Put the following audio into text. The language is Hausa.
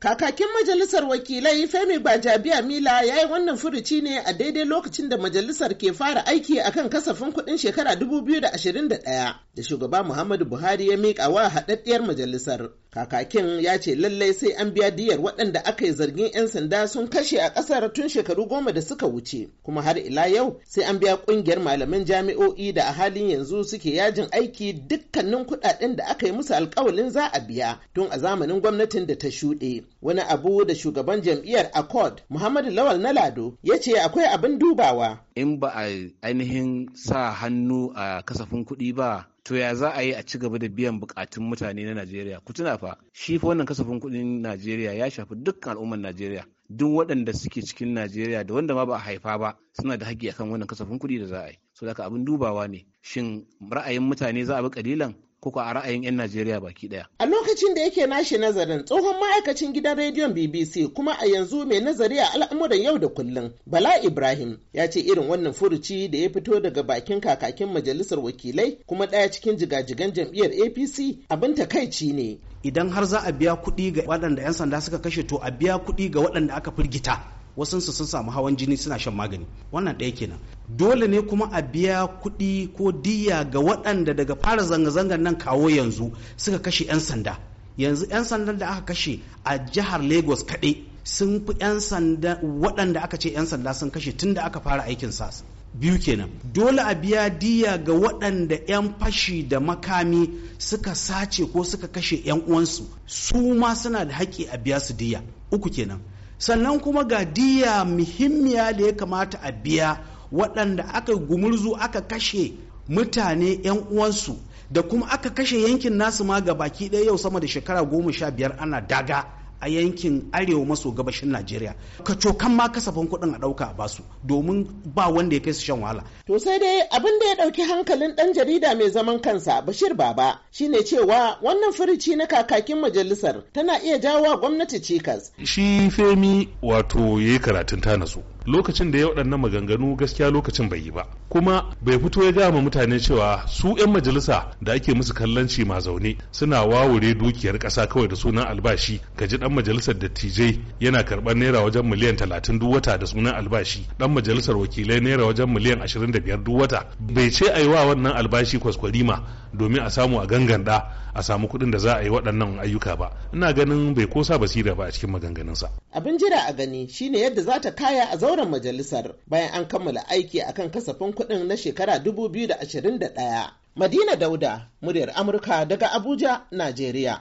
Kakakin majalisar wakilai Femi Gbajabiya Mila ya yi wannan furuci ne a daidai lokacin da majalisar ke fara aiki a kan kasafin kuɗin shekara 2021 da shugaba Muhammadu Buhari ya miƙa wa haɗaɗɗiyar majalisar. kakakin ya ce lallai sai an biya diyar waɗanda aka yi zargin 'yan sanda sun kashe a ƙasar tun shekaru goma da suka wuce kuma har ila yau sai an biya ƙungiyar malaman jami'o'i da a halin yanzu suke yajin aiki dukkanin kuɗaɗen da aka yi musu alƙawalin za a biya tun a zamanin gwamnatin da ta shuɗe wani abu da shugaban jam'iyyar accord muhammadu lawal na lado ya ce akwai abin dubawa in ba a ainihin sa hannu a kasafin kuɗi ba to ya za a yi a ci gaba da biyan bukatun mutane na Najeriya ku tuna fa shi fa wannan kasafin kuɗin Najeriya ya shafi dukkan al'ummar Najeriya duk waɗanda suke cikin Najeriya da wanda ma ba a haifa ba suna da haƙƙi akan wannan kasafin kuɗi da za a yi so da abin dubawa ne shin ra'ayin mutane za a bi kalilan kuka a ra'ayin 'yan Najeriya baki daya. A lokacin da yake nashi nazarin tsohon ma'aikacin gidan rediyon BBC kuma a yanzu mai nazari a al'amuran yau da kullum Bala Ibrahim ya ce irin wannan furuci da ya fito daga bakin kakakin majalisar wakilai kuma ɗaya cikin jigajigan jam'iyyar APC abin takaici ne. Idan har za a biya kuɗi ga waɗanda 'yan sanda suka kashe to a biya kuɗi ga waɗanda aka firgita. wasansu sun samu hawan jini suna shan magani wannan ɗaya kenan dole ne kuma a biya kuɗi ko diya ga waɗanda daga fara zanga-zangar nan kawo yanzu suka kashe 'yan sanda yanzu 'yan sandan da aka kashe a jihar lagos kaɗai sun fi 'yan sanda waɗanda aka ce 'yan sanda sun kashe tun da aka fara aikin sas biyu kenan dole a biya diya ga waɗanda 'yan fashi da makami suka sace ko suka kashe 'yan uwansu su ma suna da haƙƙi a biya su diya uku kenan sannan kuma ga diya muhimmiya da ya kamata a biya waɗanda aka gumurzu aka kashe mutane 'yan uwansu da kuma aka kashe yankin nasu ma ga baki ɗaya yau sama da shekara goma sha biyar ana daga a yankin arewa maso gabashin najeriya ka cokan ma kasafin kuɗin a ɗauka a basu domin ba wanda ya kai su shan wahala to sai dai abin da ya ɗauki hankalin ɗan jarida mai zaman kansa bashir baba shine cewa wannan firici na kakakin majalisar tana iya jawo gwamnati cikas shi femi wato yayi karatun ta nasu lokacin da ya waɗannan maganganu gaskiya lokacin bai yi ba kuma bai fito ya gama mutane cewa su 'yan majalisa da ake musu kallanci ma zaune suna wawure dukiyar ƙasa kawai da sunan albashi ga ji ɗan majalisar dattijai yana karɓar naira wajen miliyan talatin duk wata da sunan albashi ɗan majalisar wakilai naira wajen miliyan ashirin da biyar duk wata bai ce a yi wa wannan albashi kwaskwarima domin a samu a ganganda a samu kuɗin da za a yi waɗannan ayyuka ba ina ganin bai kosa basira ba a cikin maganganunsa abin jira a gani shine yadda za ta kaya a zauren majalisar bayan an kammala aiki akan kasafin kuɗin na shekara 2021. Madina Dauda, muryar Amurka daga Abuja, Najeriya.